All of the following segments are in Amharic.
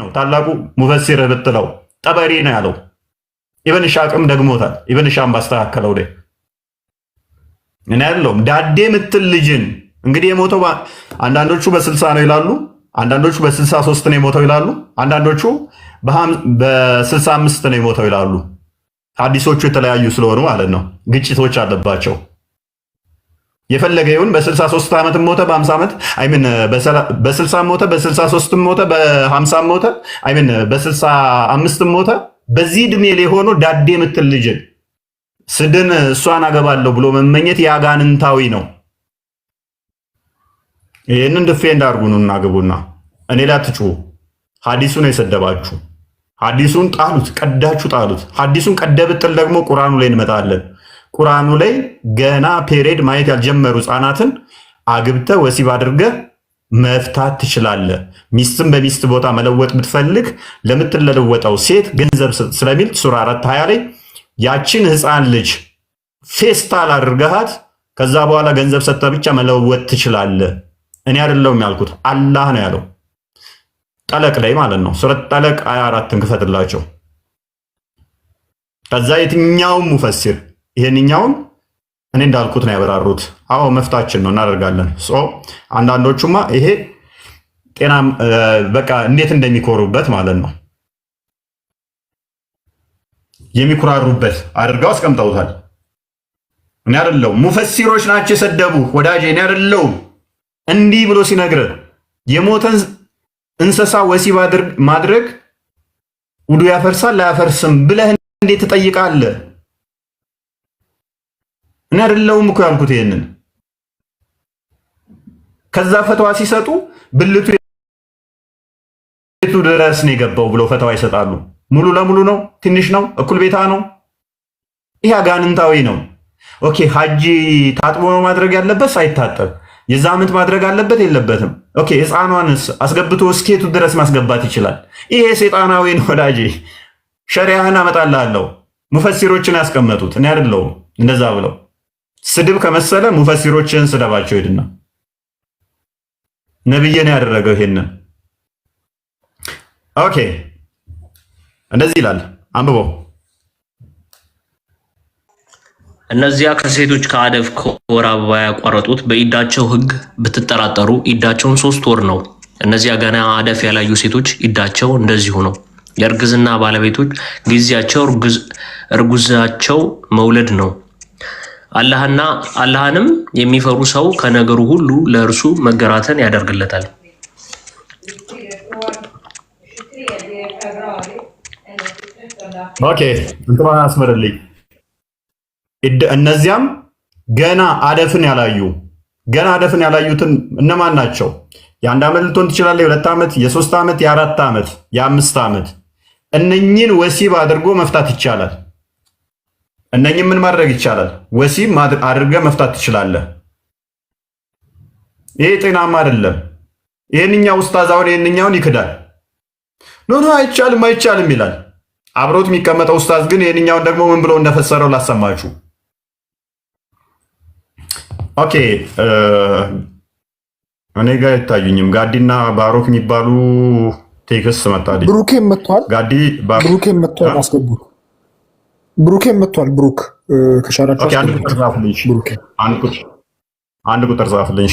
ነው ታላቁ ሙፈሲር ብትለው ጠበሪ ነው ያለው። ኢብን ሻቅም ደግሞታል። ኢብን ሻም ባስተካከለው ላይ እኔ ያለውም ዳዴ ምትል ልጅን እንግዲህ የሞተው አንዳንዶቹ በስልሳ ነው ይላሉ፣ አንዳንዶቹ በስልሳ ሶስት ነው የሞተው ይላሉ፣ አንዳንዶቹ በስልሳ አምስት ነው የሞተው ይላሉ። ሐዲሶቹ የተለያዩ ስለሆኑ ማለት ነው ግጭቶች አለባቸው። የፈለገ ይሁን በ63 ዓመት ሞተ፣ በ50 ዓመት አይምን በ60 ሞተ፣ በ63 ሞተ፣ በ50 ሞተ አይምን በ65 ሞተ። በዚህ እድሜ ላይ ሆኖ ዳዴ የምትል ልጅን ስድን እሷን አገባለሁ ብሎ መመኘት ያጋንንታዊ ነው። ይህንን ድፌ እንዳርጉ ነው እናገቡና እኔ ላይ አትጩሁ። ሐዲሱን የሰደባችሁ ሀዲሱን ጣሉት፣ ቀዳችሁ ጣሉት። ሀዲሱን ቀደብጥል ደግሞ ቁርአኑ ላይ እንመጣለን። ቁርአኑ ላይ ገና ፔሬድ ማየት ያልጀመሩ ህጻናትን አግብተ ወሲብ አድርገ መፍታት ትችላለህ። ሚስትን በሚስት ቦታ መለወጥ ብትፈልግ ለምትለወጠው ሴት ገንዘብ ስለሚል ሱራ አራት ሀያ ላይ ያችን ህፃን ልጅ ፌስታል አድርገሃት ከዛ በኋላ ገንዘብ ሰጥተህ ብቻ መለወጥ ትችላለህ። እኔ አይደለሁም ያልኩት አላህ ነው ያለው። ጠለቅ ላይ ማለት ነው። ሱረት ጠለቅ ሀያ አራትን ክፈትላቸው። ከዛ የትኛውም ሙፈሲር ይሄንኛውን እኔ እንዳልኩት ነው ያበራሩት። አዎ መፍታችን ነው እናደርጋለን። አንዳንዶቹማ ይሄ ጤና በቃ እንዴት እንደሚኮሩበት ማለት ነው የሚኩራሩበት አድርገው አስቀምጠውታል። እኔ አደለው ሙፈሲሮች ናቸው የሰደቡ ወዳጅ እኔ አደለው እንዲህ ብሎ ሲነግር የሞተን እንስሳ ወሲብ ማድረግ ውዱ ያፈርሳል ላያፈርስም ብለህ እንዴት ትጠይቃለህ? እኔ አይደለሁም እኮ ያልኩት ይሄንን። ከዛ ፈተዋ ሲሰጡ ብልቱ ቤቱ ድረስ ነው የገባው ብለው ፈተዋ ይሰጣሉ። ሙሉ ለሙሉ ነው፣ ትንሽ ነው፣ እኩል ቤታ ነው። ይሄ አጋንንታዊ ነው። ኦኬ ሀጂ ታጥቦ ነው ማድረግ ያለበት ሳይታጠብ የዛ ዓመት ማድረግ አለበት የለበትም። ኦኬ ህፃኗንስ አስገብቶ እስኬቱ ድረስ ማስገባት ይችላል። ይሄ ሰይጣናዊ ነው ወዳጄ። ሸሪያህን አመጣልሃለሁ። ሙፈሲሮችን ያስቀመጡት እኔ አይደለሁም እንደዛ ብለው ስድብ ከመሰለ ሙፈሲሮችን ስደባቸው ሄድና ነብየን ያደረገው ይሄንን። ኦኬ እንደዚህ ይላል፣ አንብቦ እነዚያ ከሴቶች ከአደፍ ከወር አበባ ያቋረጡት በኢዳቸው ሕግ ብትጠራጠሩ ኢዳቸውን ሶስት ወር ነው። እነዚያ ገና አደፍ ያላዩ ሴቶች ኢዳቸው እንደዚሁ ነው። የእርግዝና ባለቤቶች ጊዜያቸው እርጉዛቸው መውለድ ነው። አላህና አላህንም የሚፈሩ ሰው ከነገሩ ሁሉ ለእርሱ መገራትን ያደርግለታል። ኦኬ እንትማን አስመርልኝ። እነዚያም ገና አደፍን ያላዩ ገና አደፍን ያላዩትን እነማን ናቸው? የአንድ ዓመት ልትሆን ትችላለህ፣ የሁለት ዓመት፣ የሶስት ዓመት፣ የአራት ዓመት፣ የአምስት ዓመት እነኚህን ወሲብ አድርጎ መፍታት ይቻላል። እነኝም ምን ማድረግ ይቻላል? ወሲብ አድርገ መፍታት ትችላለህ። ይሄ ጤናማ አይደለም። ይህንኛው ኡስታዝ አሁን ይህንኛውን ይክዳል። ኖ ኖ አይቻልም አይቻልም ይላል። አብሮት የሚቀመጠው ኡስታዝ ግን ይህንኛውን ደግሞ ምን ብሎ እንደፈሰረው ላሰማችሁ። ኦኬ እኔ ጋር አይታዩኝም። ጋዲና ባሮክ የሚባሉ ቴክስት መጣልኝ። ብሩኬ መጥቷል። ጋዲ ብሩኬ መጥቷል። አስገቡ ብሩኬ መጥቷል። ብሩክ ከሻራቸው አንድ ቁጥር ጻፍልኝ።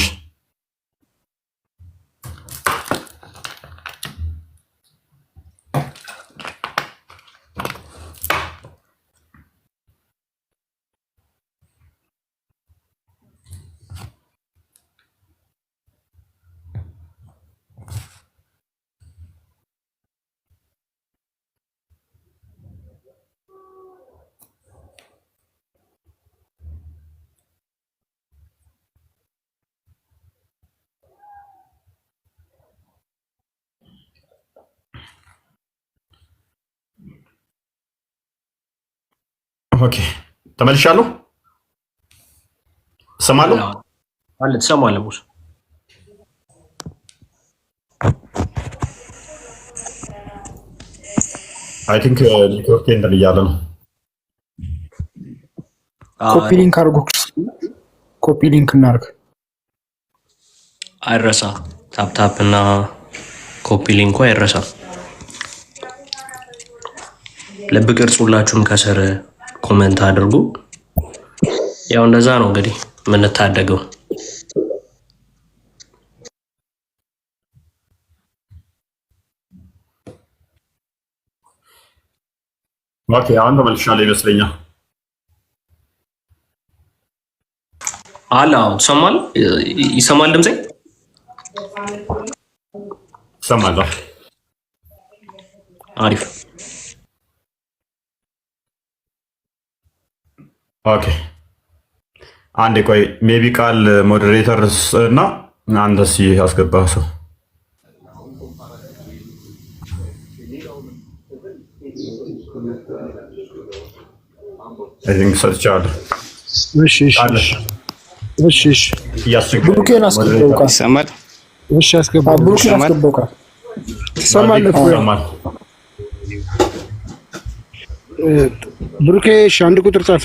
ኦኬ ተመልሻለሁ። ትሰማለህ አለ ትሰማለህ ሙሱ አይ ቲንክ ኔትወርክ እንትን እያለ ነው። ኮፒ ሊንክ አድርጎ ኮፒ ሊንክ እናድርግ አይረሳ። ታፕታፕ እና ኮፒ ሊንኩ አይረሳ። ልብ ቅርጽ ሁላችሁም ከስር ኮመንት አድርጉ። ያው እንደዛ ነው እንግዲህ የምንታደገው። ኦኬ አሁን ተመልሻለሁ ይመስለኛል። አላ ሰማል ይሰማል ድምጼ ሰማል። አሪፍ ኦኬ አንዴ ቆይ፣ ሜቢ ቃል ሞዴሬተር እና አንተስ አስገባ ሰው ሰጥቻለሁ። ብሩኬን አስገባው ቃል ብሩኬ አንድ ቁጥር ጻፈ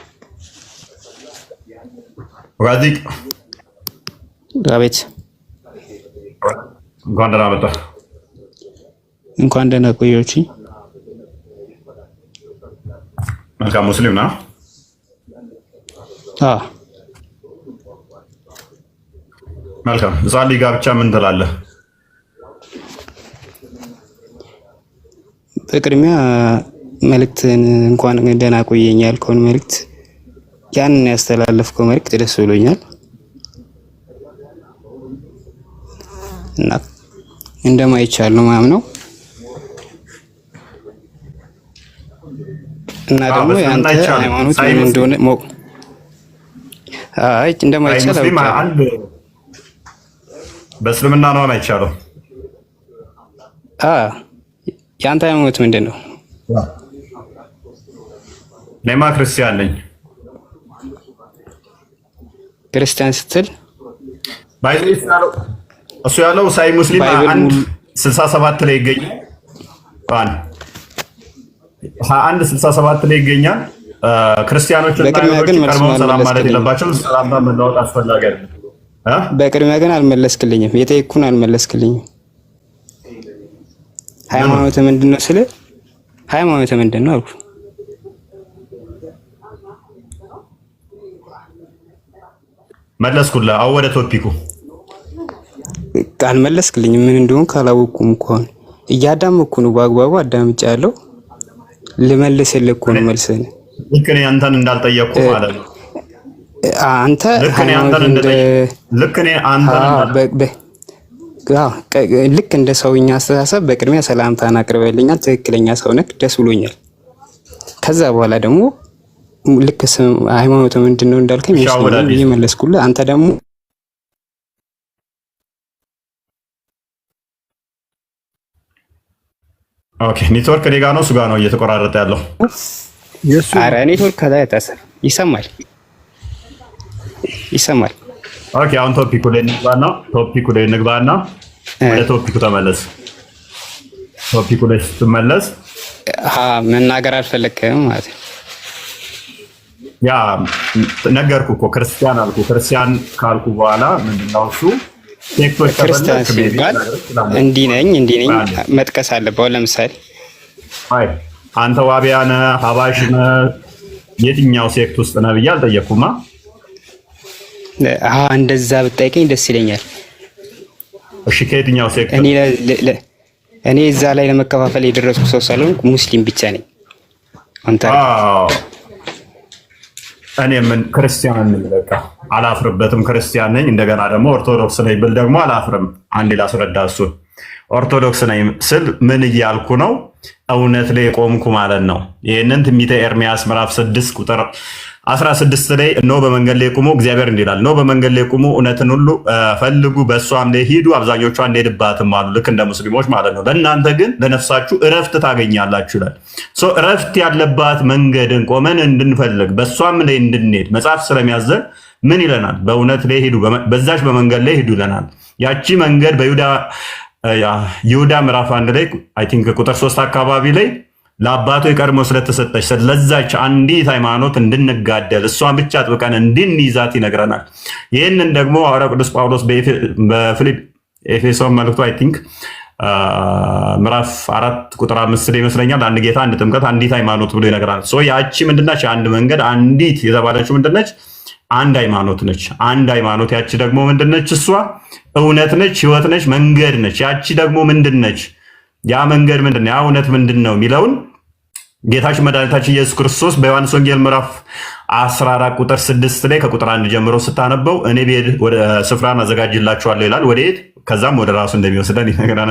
ወጋዚቅ አቤት። እንኳን ደህና መጣ። እንኳን ደህና ቆየች። መልካም ሙስሊም ና መልካም ጻሊ ጋብቻ ምን ትላለህ? በቅድሚያ መልእክትን እንኳን ደህና ቆየኝ ያልከውን መልእክት ያንን ያስተላለፍከው መልእክት ደስ ብሎኛል እና እንደማይቻል ነው ማምነው እና ደግሞ ያንተ ሃይማኖት ምን እንደሆነ ሞቅ አይ እንደማይቻል በእስልምና ነው አ የአንተ ሃይማኖት ምንድን ነው? እኔማ ክርስቲያን ነኝ። ክርስቲያን ስትል እሱ ያለው ሳይ ሙስሊም አንድ ስልሳ ሰባት ላይ ይገኛል። አንድ ስልሳ ሰባት ላይ ይገኛል። ክርስቲያኖች ቀርበው ሰላም ማለት የለባቸው። ሰላምታ መለወጥ አስፈላጊ አይደለም። በቅድሚያ ግን አልመለስክልኝም። የጠየኩህን አልመለስክልኝም። ሃይማኖት ምንድን ነው ስለ ሃይማኖት ምንድን ነው አልኩህ። መለስኩልህ። አሁን ወደ ቶፒኩ አልመለስክልኝ። ምን እንደሆነ ካላወኩም እንኳን እያዳመኩ ነው። በአግባቡ አዳምጭ ያለው ልመልስልህ እኮ ነው መልስህን። ልክ እኔ አንተን እንዳልጠየቅኩ ማለት ነው። አንተ ልክ እንደ ሰውኛ አስተሳሰብ በቅድሚያ ሰላምታን አቅርበልኛል። ትክክለኛ ነክ ደስ ብሎኛል። ከዛ በኋላ ደግሞ ልክ ሃይማኖት ምንድን ነው እንዳልከኝ እየመለስኩልህ አንተ ደግሞ ኦኬ ኔትወርክ እኔ ጋ ነው እሱ ጋ ነው እየተቆራረጠ ያለው። ኧረ ኔትወርክ ከዛ ያጠሰ ይሰማል ይሰማል። ኦኬ አሁን ቶፒኩ ላይ እንግባና ቶፒኩ ላይ እንግባና ወደ ቶፒኩ ተመለስ። ቶፒኩ ላይ ስትመለስ መናገር አልፈለግክም ማለት ነው ያ ነገርኩ እኮ ክርስቲያን አልኩ። ክርስቲያን ካልኩ በኋላ ምንድነው እሱ ክርስቲያን ሲባል እንዲህ ነኝ እንዲህ ነኝ መጥቀስ አለብህ። ለምሳሌ አይ አንተ ዋቢያ ነህ ሀባሽ ነህ የትኛው ሴክት ውስጥ ነህ ብዬ አልጠየቅኩማ። አሀ እንደዛ ብጠይቀኝ ደስ ይለኛል። እሺ ከየትኛው ሴክት? እኔ እዛ ላይ ለመከፋፈል የደረስኩ ሰው ሳልሆን ሙስሊም ብቻ ነኝ። አንተ እኔ ምን ክርስቲያን ነኝ፣ በቃ አላፍርበትም። ክርስቲያን ነኝ፣ እንደገና ደግሞ ኦርቶዶክስ ነኝ ብል ደግሞ አላፍርም። አንዴ ላስረዳ እሱን። ኦርቶዶክስ ነኝ ስል ምን እያልኩ ነው? እውነት ላይ የቆምኩ ማለት ነው። ይህንን ትንቢተ ኤርሚያስ ምዕራፍ ስድስት ቁጥር 16 ላይ ኖ በመንገድ ላይ ቁሙ፣ እግዚአብሔር እንዲላል ኖ በመንገድ ላይ ቁሙ፣ እውነትን ሁሉ ፈልጉ፣ በእሷም ላይ ሂዱ፣ አብዛኞቿ እንሄድባትም አሉ። ልክ እንደ ሙስሊሞች ማለት ነው። ለእናንተ ግን ለነፍሳችሁ እረፍት ታገኛላችሁ ይላል። እረፍት ያለባት መንገድን ቆመን እንድንፈልግ በእሷም ላይ እንድንሄድ መጽሐፍ ስለሚያዘን ምን ይለናል? በእውነት ላይ ሂዱ፣ በዛች በመንገድ ላይ ሂዱ ይለናል። ያቺ መንገድ በይሁዳ ምዕራፍ አንድ ላይ አይ ቲንክ ቁጥር ሶስት አካባቢ ላይ ለአባቱ የቀድሞ ስለተሰጠች ስለዛች አንዲት ሃይማኖት እንድንጋደል እሷን ብቻ ጥብቀን እንድንይዛት ይነግረናል። ይህንን ደግሞ አረ ቅዱስ ጳውሎስ በኤፌሶን መልእክቱ አይ ቲንክ ምዕራፍ አራት ቁጥር አምስት ይመስለኛል አንድ ጌታ፣ አንድ ጥምቀት፣ አንዲት ሃይማኖት ብሎ ይነግራል። ያቺ ምንድናች? አንድ መንገድ አንዲት የተባለችው ምንድነች? አንድ ሃይማኖት ነች። አንድ ሃይማኖት ያቺ ደግሞ ምንድነች? እሷ እውነት ነች፣ ህይወት ነች፣ መንገድ ነች። ያቺ ደግሞ ምንድነች? ያ መንገድ ምንድን ነው? ያ እውነት ምንድን ነው የሚለውን ጌታችን መድኃኒታችን ኢየሱስ ክርስቶስ በዮሐንስ ወንጌል ምዕራፍ 14 ቁጥር 6 ላይ ከቁጥር 1 ጀምሮ ስታነበው እኔ ብሄድ ወደ ስፍራን አዘጋጅላችኋለሁ ይላል። ወደ የት? ከዛም ወደ ራሱ እንደሚወስደን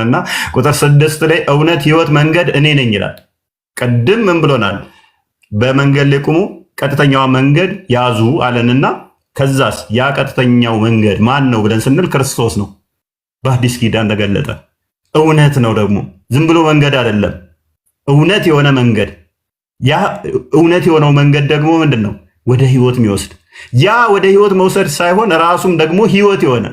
እና ቁጥር 6 ላይ እውነት፣ ህይወት፣ መንገድ እኔ ነኝ ይላል። ቅድም ምን ብሎናል? በመንገድ ላይ ቁሙ፣ ቀጥተኛዋ መንገድ ያዙ አለንና ከዛስ ያ ቀጥተኛው መንገድ ማን ነው ብለን ስንል ክርስቶስ ነው። በአዲስ ኪዳን ተገለጠ። እውነት ነው ደግሞ ዝም ብሎ መንገድ አይደለም፣ እውነት የሆነ መንገድ ያ እውነት የሆነው መንገድ ደግሞ ምንድን ነው? ወደ ህይወት የሚወስድ ያ ወደ ህይወት መውሰድ ሳይሆን ራሱም ደግሞ ህይወት የሆነ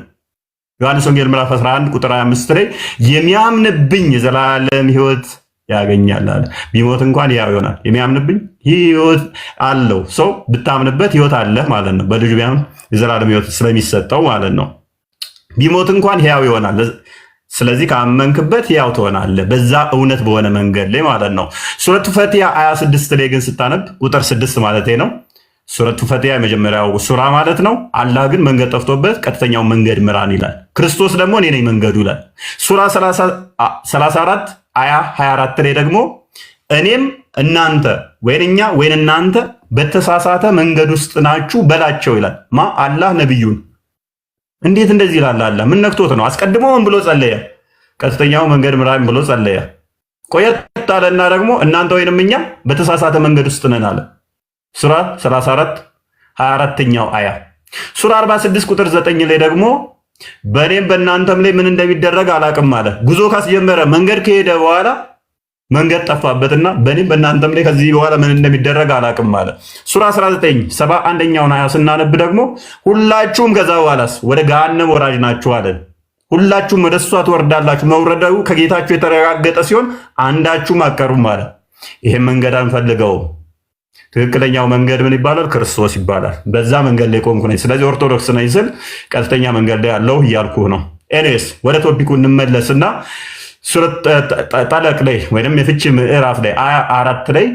ዮሐንስ ወንጌል ምዕራፍ 11 ቁጥር 25 ላይ የሚያምንብኝ ዘላለም ህይወት ያገኛል አለ። ቢሞት እንኳን ያው ይሆናል። የሚያምንብኝ ህይወት አለው። ሰው ብታምንበት ህይወት አለ ማለት ነው። በልጁ ቢያምን የዘላለም ህይወት ስለሚሰጠው ማለት ነው። ቢሞት እንኳን ያው ይሆናል። ስለዚህ ካመንክበት ያው ትሆናለህ፣ በዛ እውነት በሆነ መንገድ ላይ ማለት ነው። ሱረቱ ፈቲያ አያ ስድስት ላይ ግን ስታነብ ቁጥር ስድስት ማለት ነው። ሱረቱ ፈቲያ የመጀመሪያው ሱራ ማለት ነው። አላህ ግን መንገድ ጠፍቶበት ቀጥተኛው መንገድ ምራን ይላል። ክርስቶስ ደግሞ እኔ ነኝ መንገዱ ይላል። ሱራ 34 አያ 24 ላይ ደግሞ እኔም እናንተ ወይን እኛ ወይን እናንተ በተሳሳተ መንገድ ውስጥ ናችሁ በላቸው ይላል። ማ አላህ ነቢዩን እንዴት እንደዚህ ይላል? አለ ምን ነክቶት ነው? አስቀድሞ ምን ብሎ ጸለየ? ቀጥተኛው መንገድ ምራን ብሎ ጸለየ። ቆየት አለና ደግሞ እናንተ ወይንም እኛ በተሳሳተ መንገድ ውስጥ ነን አለ። ሱራ 34 24ኛው አያ ሱራ 46 ቁጥር 9 ላይ ደግሞ በእኔም በእናንተም ላይ ምን እንደሚደረግ አላቅም አለ። ጉዞ ካስጀመረ መንገድ ከሄደ በኋላ መንገድ ጠፋበትና በእኔም በእናንተም ላይ ከዚህ በኋላ ምን እንደሚደረግ አላቅም አለ። ሱራ 19 ሰባ አንደኛውን አያ ስናነብ ደግሞ ሁላችሁም ከዛ በኋላስ ወደ ገሃነም ወራጅ ናችሁ አለን። ሁላችሁም ወደ እሷ ትወርዳላችሁ። መውረዳዊ ከጌታችሁ የተረጋገጠ ሲሆን አንዳችሁም አቀሩም አለ። ይህም መንገድ አንፈልገውም። ትክክለኛው መንገድ ምን ይባላል? ክርስቶስ ይባላል። በዛ መንገድ ላይ ቆምኩ ነኝ። ስለዚህ ኦርቶዶክስ ነኝ ስል ቀጥተኛ መንገድ ላይ ያለው እያልኩ ነው። ኤኒዌይስ ወደ ቶፒኩ እንመለስና ጠለቅ ላይ ወይም የፍቺ ምዕራፍ ላይ አራት ላይ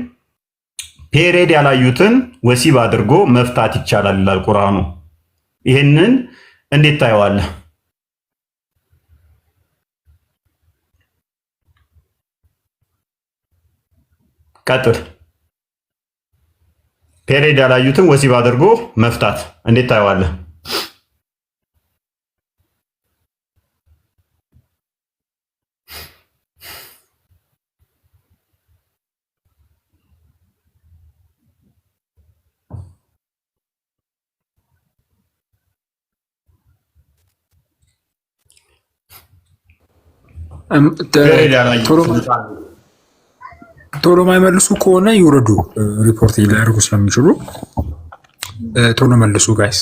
ፔሬድ ያላዩትን ወሲብ አድርጎ መፍታት ይቻላል ይላል ቁርአኑ። ይህንን እንዴት ታየዋለህ? ቀጥል። ፔሬድ ያላዩትን ወሲብ አድርጎ መፍታት እንዴት ታየዋለህ? ቶሎ ማይመልሱ ከሆነ ይውረዱ፣ ሪፖርት ሊያደርጉ ስለሚችሉ ቶሎ መልሱ ጋይስ።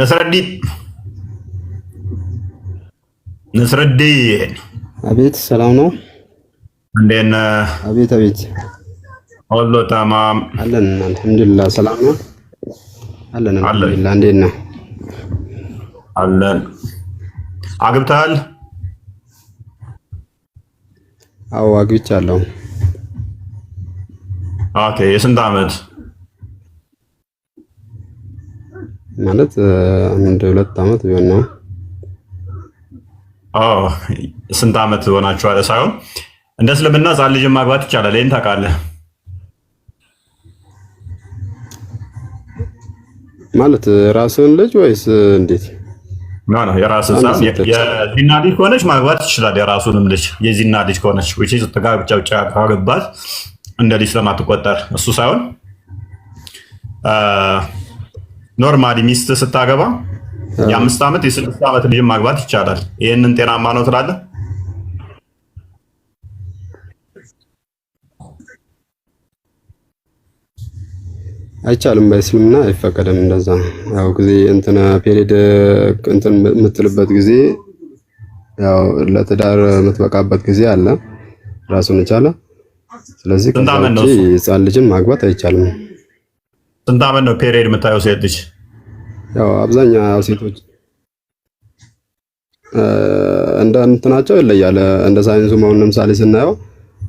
ነስረዲ ነስረዲ፣ አቤት ሰላም ነው። እንዴት ነህ? አቤት አቤት፣ ሁሉ ተማም አለን። አልሐምዱሊላህ ሰላም ነው አለን። አልሐምዱሊላህ እንዴት ነህ? አለን። አግብተሃል? አዎ አግብቻለሁ። ኦኬ። የስንት አመት ማለት? አንድ ሁለት አመት ቢሆን ነው። አዎ። ስንት አመት ሆናችኋል? ሳይሆን እንደ እስልምና ሕፃን ልጅ ማግባት ይቻላል። ይሄን ታውቃለህ? ማለት ራስን ልጅ ወይስ እንዴት? ነው ነው የራስ የዚና ልጅ ከሆነች ማግባት ይችላል። የራሱንም ልጅ የዚና ልጅ ከሆነች ዊ ስትጋብቻ ብቻ ካገባት እንደ ልጅ ስለማትቆጠር እሱ ሳይሆን ኖርማሊ ሚስት ስታገባ የአምስት ዓመት የስድስት ዓመት ልጅ ማግባት ይቻላል። ይህንን ጤናማ ነው ትላለህ? አይቻልም። በእስልምና አይፈቀደም። እንደዛ ያው ጊዜ እንትን ፔሪድ እንትን የምትልበት ጊዜ ያው ለትዳር የምትበቃበት ጊዜ አለ ራሱን ይቻለ። ስለዚህ ከዛች ህፃን ልጅን ማግባት አይቻልም። ስንት ዓመት ነው ፔሬድ የምታየው ሴት ልጅ? ያው አብዛኛው ሴቶች እንደ እንትናቸው ይለያል። እንደ ሳይንሱ መሆን ለምሳሌ ስናየው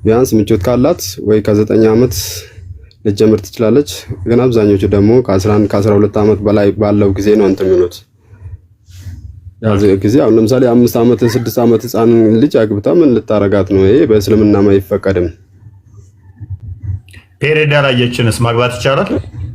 ቢያንስ ምቾት ካላት ወይ ከዘጠኝ አመት ልጀምር ትችላለች። ግን አብዛኞቹ ደግሞ ከ11 ከ12 ዓመት በላይ ባለው ጊዜ ነው እንትን የሚሉት ጊዜ አሁን ለምሳሌ አምስት ዓመት ስድስት ዓመት ህፃን ልጅ አግብታ ምን ልታረጋት ነው? ይሄ በእስልምናም አይፈቀድም። ፔሬዳ ላየችንስ ማግባት ይቻላል?